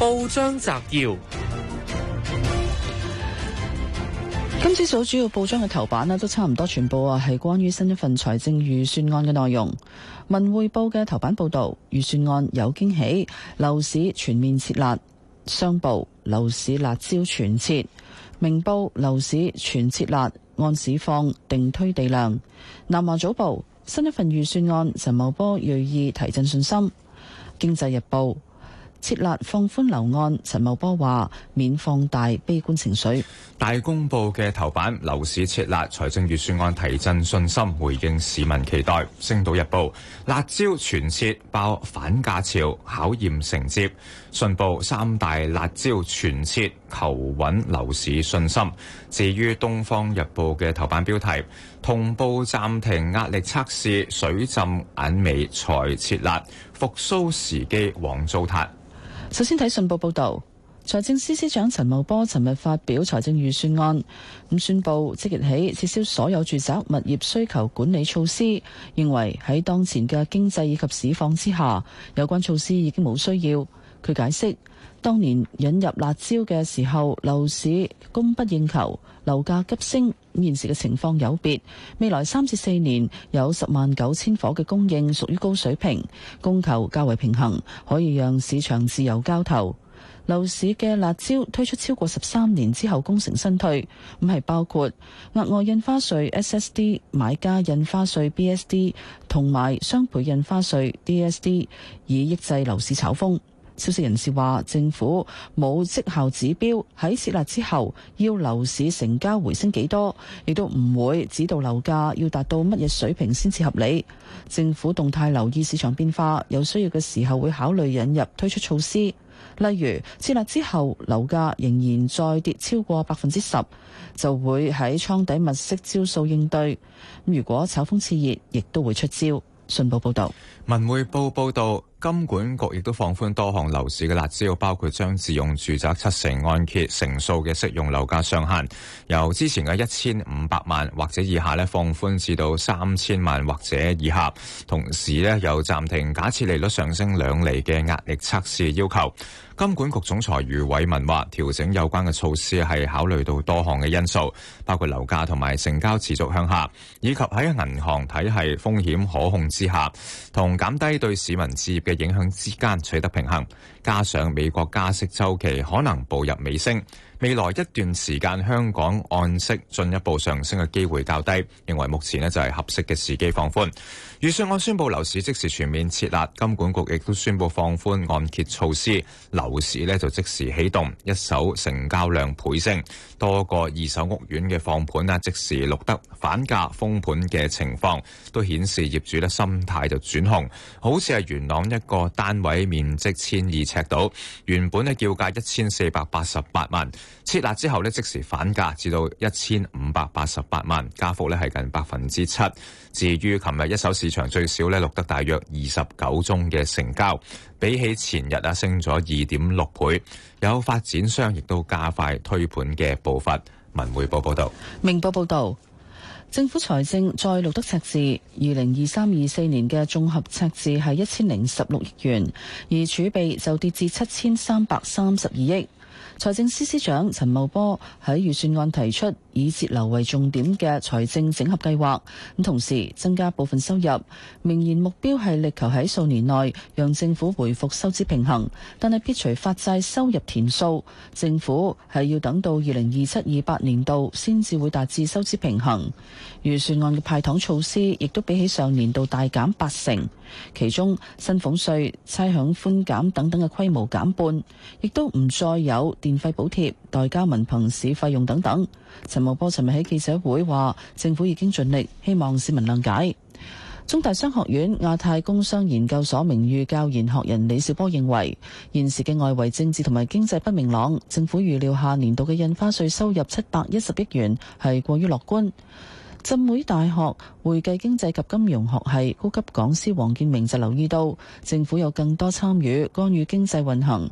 報章摘要：今朝早主要報章嘅頭版呢，都差唔多全部啊係關於新一份財政預算案嘅內容。文匯報嘅頭版報道，預算案有驚喜，樓市全面撤辣；商報樓市辣招全撤，明報樓市全撤辣，按市況定推地量。南華早報新一份預算案，陳茂波銳意提振信心。經濟日報。撤辣放寬樓案，陳茂波話：免放大悲觀情緒。大公報嘅頭版，樓市撤辣，財政預算案提振信心，回應市民期待。星島日報，辣椒全撤，爆反價潮，考驗承接。信報，三大辣椒全撤，求穩樓市信心。至於《東方日報》嘅頭版標題，同步暫停壓力測試，水浸眼尾才撤辣，復甦時機黃糟蹋。首先睇信報報道，財政司司長陳茂波尋日發表財政預算案，咁宣佈即日起撤銷所有住宅物業需求管理措施，認為喺當前嘅經濟以及市況之下，有關措施已經冇需要。佢解釋，當年引入辣招嘅時候，樓市供不應求，樓價急升。咁現時嘅情況有別，未來三至四年有十萬九千伙嘅供應，屬於高水平，供求較為平衡，可以讓市場自由交投。樓市嘅辣招推出超過十三年之後功成身退，咁係包括額外印花稅 （S.S.D.） 買家印花稅 （B.S.D.） 同埋雙倍印花稅 （D.S.D.） 以抑制樓市炒風。消息人士話政府冇績效指標，喺設立之後要樓市成交回升幾多，亦都唔會指導樓價要達到乜嘢水平先至合理。政府動態留意市場變化，有需要嘅時候會考慮引入推出措施。例如設立之後樓價仍然再跌超過百分之十，就會，喺倉底物色招數應對，如果炒風熾熱，亦都會出招。信報報道，文匯報報道。金管局亦都放寬多項樓市嘅辣招，包括將自用住宅七成按揭成數嘅適用樓價上限，由之前嘅一千五百萬或者以下咧，放寬至到三千萬或者以下。同時咧，又暫停假設利率上升兩厘嘅壓力測試要求。金管局總裁余偉文話調整有關嘅措施係考慮到多項嘅因素，包括樓價同埋成交持續向下，以及喺銀行體系風險可控之下，同減低對市民自。嘅影響之間取得平衡，加上美國加息周期可能步入尾聲。未來一段時間香港按息進一步上升嘅機會較低，認為目前呢就係合適嘅時機放寬。預算案宣布樓市即時全面撤辣，金管局亦都宣布放寬按揭措施，樓市呢就即時啟動，一手成交量倍升，多個二手屋苑嘅放盤呢，即時錄得反價封盤嘅情況，都顯示業主嘅心態就轉紅，好似係元朗一個單位面積千二尺度，原本嘅叫價一千四百八十八萬。設立之後呢即時反價至到一千五百八十八萬，加幅呢係近百分之七。至於琴日一手市場最少呢錄得大約二十九宗嘅成交，比起前日啊升咗二點六倍。有發展商亦都加快推盤嘅步伐。文匯報報道，明報報道，政府財政再錄得赤字，二零二三二四年嘅綜合赤字係一千零十六億元，而儲備就跌至七千三百三十二億。財政司司長陳茂波喺預算案提出，以節流為重點嘅財政整合計劃，咁同時增加部分收入，明年目標係力求喺數年內讓政府回復收支平衡，但係撇除發債收入填數，政府係要等到二零二七二八年度先至會達至收支平衡。預算案嘅派糖措施亦都比起上年度大減八成，其中薪俸稅差餉寬減等等嘅規模減半，亦都唔再有電費補貼、代交文憑試費用等等。陳茂波尋日喺記者會話，政府已經盡力，希望市民諒解。中大商學院亞太工商研究所名譽教研學人李兆波認為，現時嘅外圍政治同埋經濟不明朗，政府預料下年度嘅印花稅收入七百一十億元係過於樂觀。浸會大學會計經濟及金融學系高級講師黃健明就留意到，政府有更多參與干預經濟運行，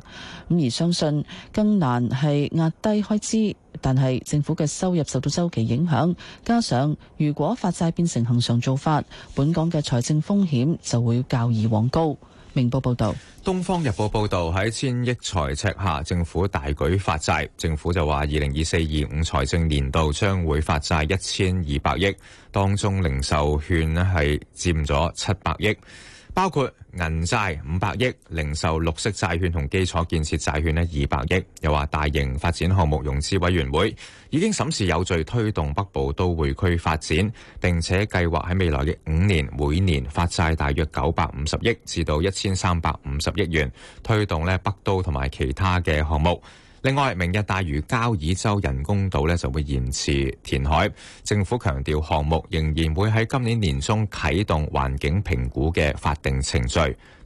咁而相信更難係壓低開支，但係政府嘅收入受到周期影響，加上如果發債變成恆常做法，本港嘅財政風險就會較以往高。明報報道，東方日報報道，喺千億財赤下，政府大舉發債。政府就話，二零二四、二五財政年度將會發債一千二百億，當中零售券咧係佔咗七百億。包括銀債五百億、零售綠色債券同基礎建設債券呢二百億，又話大型發展項目融資委員會已經審視有序推動北部都會區發展，並且計劃喺未來嘅五年每年發債大約九百五十億至到一千三百五十億元，推動呢北都同埋其他嘅項目。另外，明日大嶼交椅洲人工島咧就會延遲填海，政府強調，項目仍然會喺今年年中啟動環境評估嘅法定程序。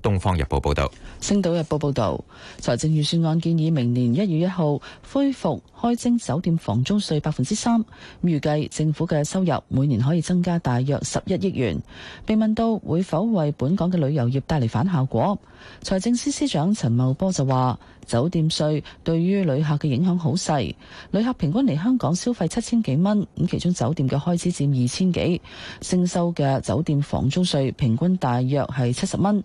《東方日報》報道，《星島日報》報導，財政預算案建議明年一月一號恢復開徵酒店房租稅百分之三，預計政府嘅收入每年可以增加大約十一億元。被問到會否為本港嘅旅遊業帶嚟反效果，財政司司長陳茂波就話：酒店稅對於旅客嘅影響好細，旅客平均嚟香港消費七千幾蚊，咁其中酒店嘅開支佔二千幾，徵收嘅酒店房租稅平均大約係七十蚊。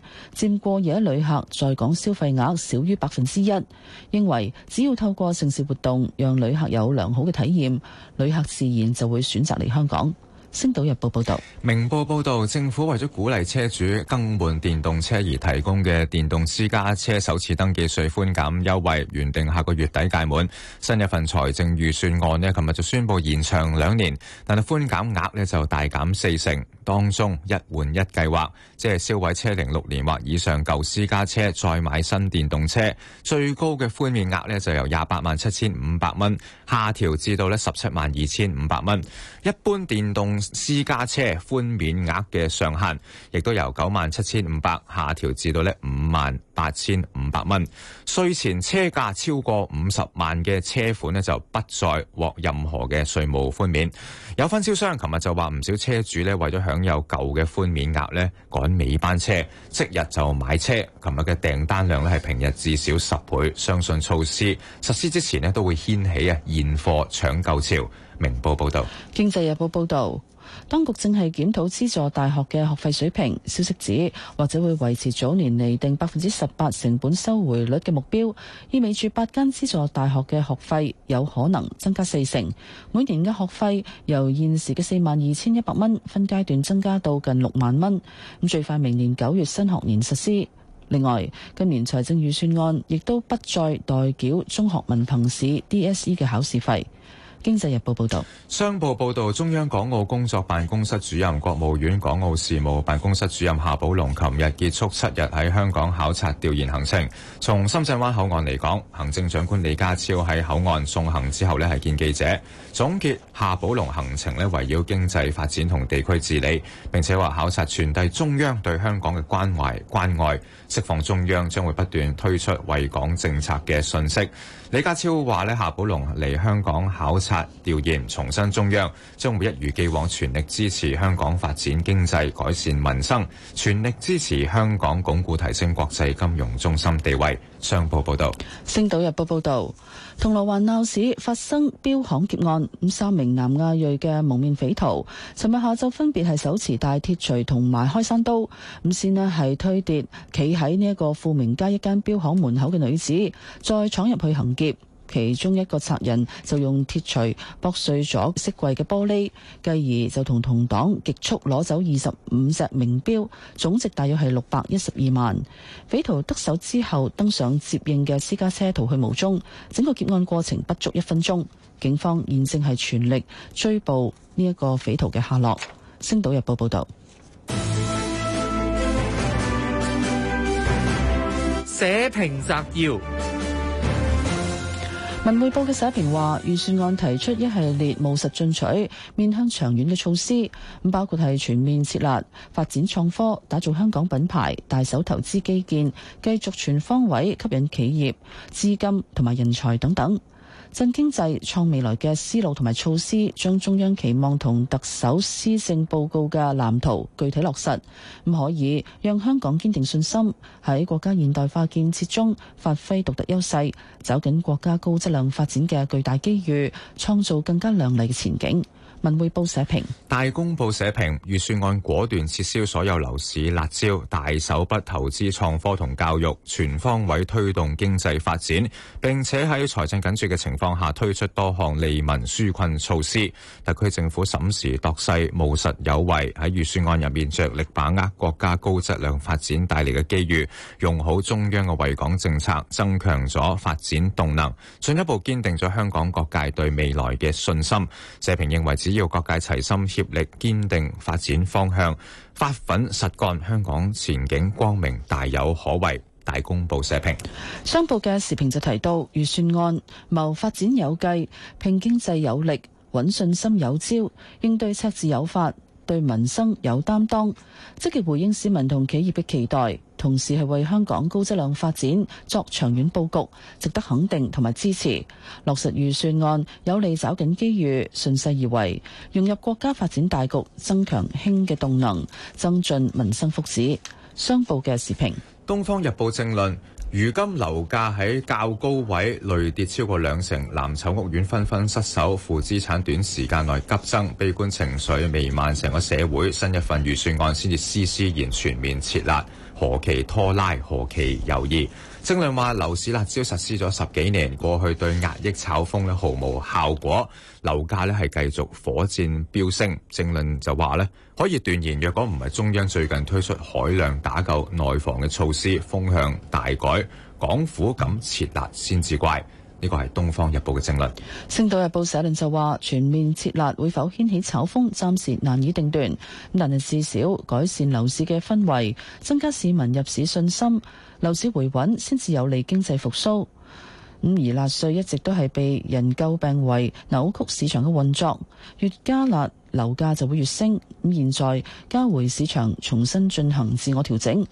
過夜旅客在港消費額少於百分之一，認為只要透過城市活動讓旅客有良好嘅體驗，旅客自然就會選擇嚟香港。星島日報報道，明報報道，政府為咗鼓勵車主更換電動車而提供嘅電動私家車首次登記稅寬減優惠，原定下個月底屆滿，新一份財政預算案呢，琴日就宣布延長兩年，但係寬減額呢就大減四成，當中一換一計劃，即係銷毀車齡六年或以上舊私家車，再買新電動車，最高嘅寬免額呢，就由廿八萬七千五百蚊下調至到呢十七萬二千五百蚊，一般電動。私家車寬免額嘅上限，亦都由九萬七千五百下調至到咧五萬八千五百蚊。稅前車價超過五十萬嘅車款咧，就不再獲任何嘅稅務寬免。有分銷商琴日就話，唔少車主咧為咗享有舊嘅寬免額咧，趕尾班車，即日就買車。琴日嘅訂單量咧係平日至少十倍。相信措施實施之前咧，都會掀起啊現貨搶購潮。明報報道，經濟日報報道。當局正係檢討資助大學嘅學費水平，消息指，或者會維持早年嚟定百分之十八成本收回率嘅目標，意味住八間資助大學嘅學費有可能增加四成，每年嘅學費由現時嘅四萬二千一百蚊分階段增加到近六萬蚊，咁最快明年九月新學年實施。另外，今年財政預算案亦都不再代繳中學文憑試 DSE 嘅考試費。經濟日報報道，商報報道，中央港澳工作辦公室主任、國務院港澳事務辦公室主任夏寶龍琴日結束七日喺香港考察調研行程。從深圳灣口岸嚟講，行政長官李家超喺口岸送行之後呢，係見記者總結夏寶龍行程呢，圍繞經濟發展同地區治理，並且話考察傳遞中央對香港嘅關懷關愛，釋放中央將會不斷推出惠港政策嘅訊息。李家超話呢夏寶龍嚟香港考察。查調研重申中央將會一如既往全力支持香港發展經濟，改善民生，全力支持香港鞏固提升國際金融中心地位。商報報導，《星島日報》報道：報報道「銅鑼灣鬧市發生錶行劫案，咁三名南亞裔嘅蒙面匪徒，尋日下晝分別係手持大鐵錘同埋開山刀，咁先咧係推跌企喺呢一個富明街一間錶行門口嘅女子，再闖入去行劫。其中一個賊人就用鐵錘駁碎咗飾櫃嘅玻璃，繼而就同同黨極速攞走二十五隻名錶，總值大約係六百一十二萬。匪徒得手之後登上接應嘅私家車逃去無蹤，整個劫案過程不足一分鐘。警方現正係全力追捕呢一個匪徒嘅下落。星島日報報道。報章摘要。文匯報嘅社評話，預算案提出一系列務實進取、面向長遠嘅措施，咁包括係全面設立、發展創科、打造香港品牌、大手投資基建、繼續全方位吸引企業、資金同埋人才等等。振經濟、創未來嘅思路同埋措施，將中央期望同特首施政報告嘅藍圖具體落實，咁可以讓香港堅定信心喺國家現代化建設中發揮獨特優勢，抓住國家高質量發展嘅巨大機遇，創造更加亮麗嘅前景。文匯報社評：大公報社評，預算案果斷撤銷所有樓市辣招，大手筆投資創科同教育，全方位推動經濟發展，並且喺財政緊絀嘅情況下推出多項利民紓困措施。特區政府審時度勢，務實有為，喺預算案入面着力把握國家高質量發展帶嚟嘅機遇，用好中央嘅惠港政策，增強咗發展動能，進一步堅定咗香港各界對未來嘅信心。社評認為。只要各界齊心協力、堅定發展方向、發奮實幹，香港前景光明，大有可為。大公報社評，商報嘅時評就提到，預算案謀發展有計，拼經濟有力，穩信心有招，應對赤字有法，對民生有擔當，積極回應市民同企業嘅期待。同時係為香港高質量發展作長遠佈局，值得肯定同埋支持。落實預算案有利抓緊機遇，順勢而為，融入國家發展大局，增強興嘅動能，增進民生福祉。商報嘅時評，《東方日報》政論：如今樓價喺較高位累跌超過兩成，藍籌屋苑紛紛失守，負資產短時間內急增，悲觀情緒瀰漫成個社會。新一份預算案先至施施然全面撤辣。何其拖拉，何其猶豫。正論話樓市辣招實施咗十幾年，過去對壓抑炒風呢，毫無效果，樓價呢，係繼續火箭飆升。正論就話呢可以斷言，若果唔係中央最近推出海量打救內房嘅措施，風向大改，港府敢撤辣先至怪。呢個係東方日報嘅政論，《星島日報》社論就話：全面撤辣會否掀起炒風？暫時難以定斷。但係至少改善樓市嘅氛圍，增加市民入市信心，樓市回穩先至有利經濟復甦。咁而辣稅一直都係被人詬病為扭曲市場嘅運作，越加辣樓價就會越升。咁現在交回市場重新進行自我調整。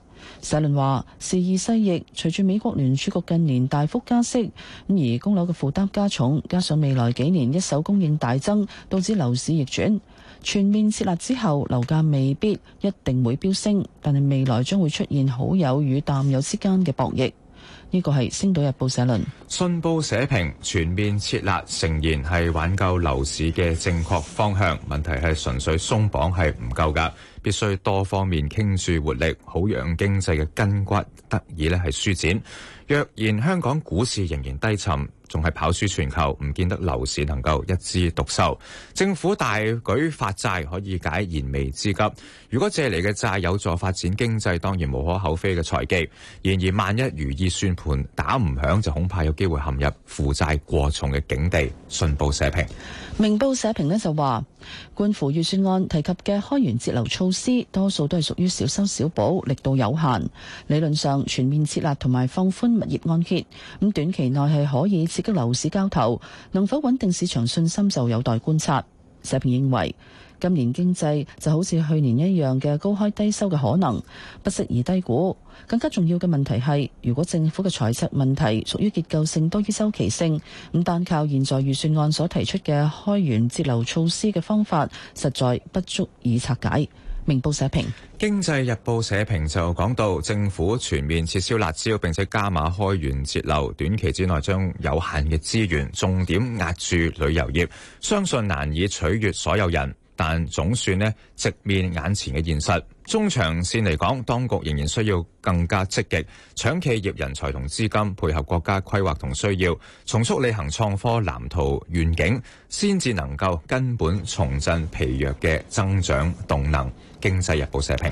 社論話：時移世易隨住美國聯儲局近年大幅加息，咁而供樓嘅負擔加重，加上未來幾年一手供應大增，導致樓市逆轉。全面設立之後，樓價未必一定會飆升，但係未來將會出現好友與淡友之間嘅博弈。呢個係《星島日報》社論，信報社評，全面撤辣仍然係挽救樓市嘅正確方向。問題係純粹鬆綁係唔夠噶必須多方面傾注活力，好讓經濟嘅筋骨得以咧係舒展。若然香港股市仍然低沉。仲係跑輸全球，唔見得樓市能夠一枝獨秀。政府大舉發債，可以解燃眉之急，如果借嚟嘅債有助發展經濟，當然無可厚非嘅財技。然而萬一如意算盤打唔響，就恐怕有機會陷入負債過重嘅境地。信報社評，明報社評呢就話。觀乎預算案提及嘅開源節流措施，多數都係屬於小修小補，力度有限。理論上全面撤辣同埋放寬物業按揭，咁短期內係可以刺激樓市交投，能否穩定市場信心就有待觀察。社評認為。今年經濟就好似去年一樣嘅高開低收嘅可能，不適宜低估。更加重要嘅問題係，如果政府嘅財赤問題屬於結構性多於周期性，咁單靠現在預算案所提出嘅開源節流措施嘅方法，實在不足以拆解。明報社評。經濟日報社評就講到，政府全面撤銷辣椒，並且加碼開源節流，短期之內將有限嘅資源重點壓住旅遊業，相信難以取悅所有人。但總算呢，直面眼前嘅現實，中長線嚟講，當局仍然需要更加積極搶企業人才同資金，配合國家規劃同需要，重塑履行創科藍圖願景，先至能夠根本重振疲弱嘅增長動能。經濟日報社評。